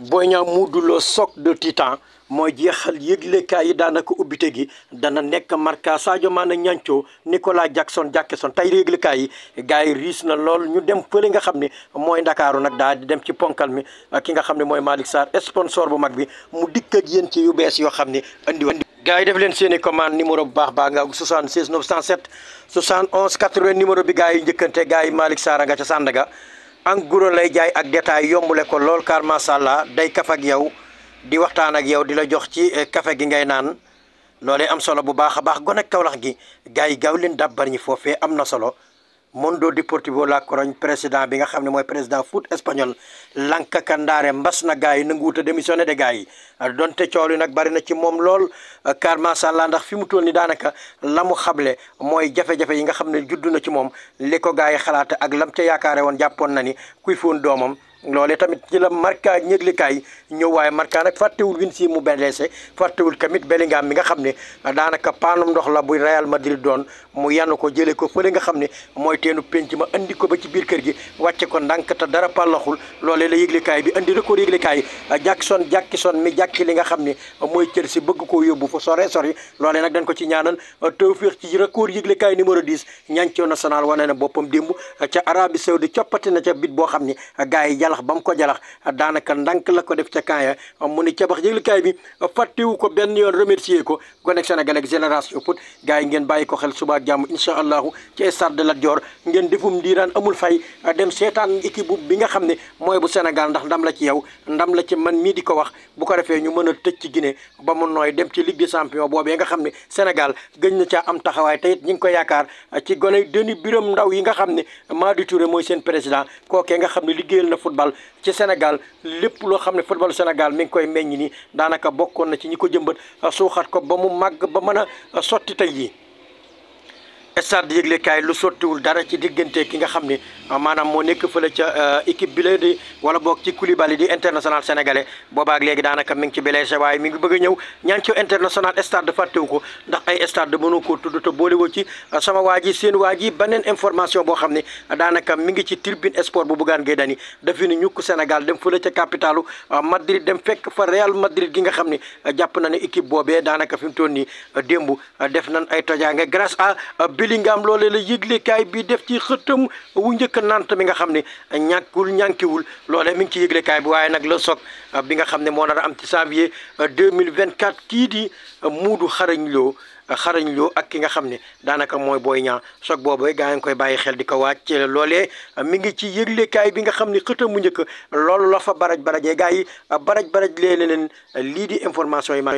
Boy Niang Modou Lo choc de titan mooy jeexal yëglekaay yi daanaka ubbite gi dana nekk marka Sadio Mané ñancoo Nicolas Jackson Jackson tey yëglekaay yi gars yi riis na lool ñu dem fële nga xam ni mooy ndakaaru nag daal di dem ci ponkal mi ki nga xam ni mooy Malick Sarr sponsor bu mag bi mu dikk ak yéen ci yu bees yoo xam ne andi wa gars yi def leen seen i commande numéro bu baax baa nga 76 907 71 80 numéro bi gars yi njëkkante gars yi Malick Sarr a nga ca en gros lay jaay ak détail yombule ko lool car macha allah day kaf ak yow di waxtaan ak yow di la jox ci eh, kafe gi ngay naan loolee am solo bu baax a baax gone Kawlax gi gars yi gaaw leen dàbbar ñi foofee am na solo Mundo Deportivo La Corogne président bi nga xam ne mooy président foot espagnol lank kandaare mbas na gars yi nanguwut a démissionné de gars yi donte coow li nag bari na ci moom lool car masàllaa ndax fi mu toll ni daanaka la mu xamle mooy jafe-jafe yi nga xam ne judd na ci moom li ko gars yi xalaat ak lam ca yaakaare woon jàppoon na ni kuy foon doomam loole tamit ci la Marca yëglikaay ñëw waaye Marca nag fàttewul Vinicius mu blessé fàttewul tamit Bellingham mi nga xam ne daanaka paanum ndox la bu Real Madrid doon mu yann ko jëlee ko fële nga xam ne mooy teenu penc ma indi ko ba ci biir kër gi wàcce ko ndànk te dara pàllaxul loolee la yëglikaay bi andi record yëglikaay Jackson Jackson mi jàkki li nga xam ne mooy Chelsea bëgg ko yóbbu fa sore sori loolee nag dañ ko ci ñaanal tawféex ci record yëglikaay numéro 10 ñancoo national wane na boppam démb ca Arabie Saoudite coppati na ca bit boo xam ne gars jalax ba mu ko jalax daanaka ndànk la ko def ca kaaya mu ni cabax yëglikaay bi fàttewu ko benn yoon remercier ko gonek Sénégal ak génération foot gars ngeen defum ndiiraan amul fay dem seetaan équipe bi nga xam ne mooy bu Sénégal ndax ndam la ci yow ndam la ci man mii ko wax bu ko defee ñu mën a tëj ci Guinée ba mu nooy dem ci Ligue des champions boobee nga xam ne Sénégal gëj na caa am taxawaay te it ñu ko yaakaar ci gone Denis Biram Ndaw yi nga xam ne Madi Touré mooy seen football ci Sénégal lépp loo xam ne football Sénégal mi ngi koy meññ nii daanaka bokkoon na ci ñi ko jëmbat suuxat ko ba mu màgg ba mën a sotti tey yi stade yëglekaay lu sottiwul dara ci diggante ki nga xam ni maanaam moo nekk fële ca euh, équipe bi la di wala boog ci Koulibaly di international sénégalais boobaak léegi daanaka mi ngi ci blessé waaye mi ngi bëgg a ñëw ñaan ci international stade ko ndax ay stade mënu ko tudd te boolewoo euh, sama waa ji seen waa ji beneen information boo xam ne daanaka mi ngi ci tribune sport bu Bougane Gueye Dany dafi ni ñukk Sénégal dem fële ca a euh, Madrid dem fekk fa Real Madrid gi nga xam ni jàpp na ne équipe boobee daanaka fi mu toll nii démb def nañ ay tojaange grâce à Bellingham loole la yëglekaay bi def ci xëttam wu njëkk nant mi nga xam ne ñàkkul ñànkiwul loolee mi ngi ci yëglekaay bi waaye nag la soc bi nga xam ne moo nar a am ci vingt 2024 kii di Moodu Xarañ Lo xarañ loo ak ki nga xam ne daanaka mooy booy ñaa soog boobu gaa ngi koy bàyyi xel di ko wàcc loolee mi ngi ci yëglekaay bi nga xam ni xëtam mu njëkk lool la fa baraj barajee gaa yi baraj baraj lee leen lii di information yi ma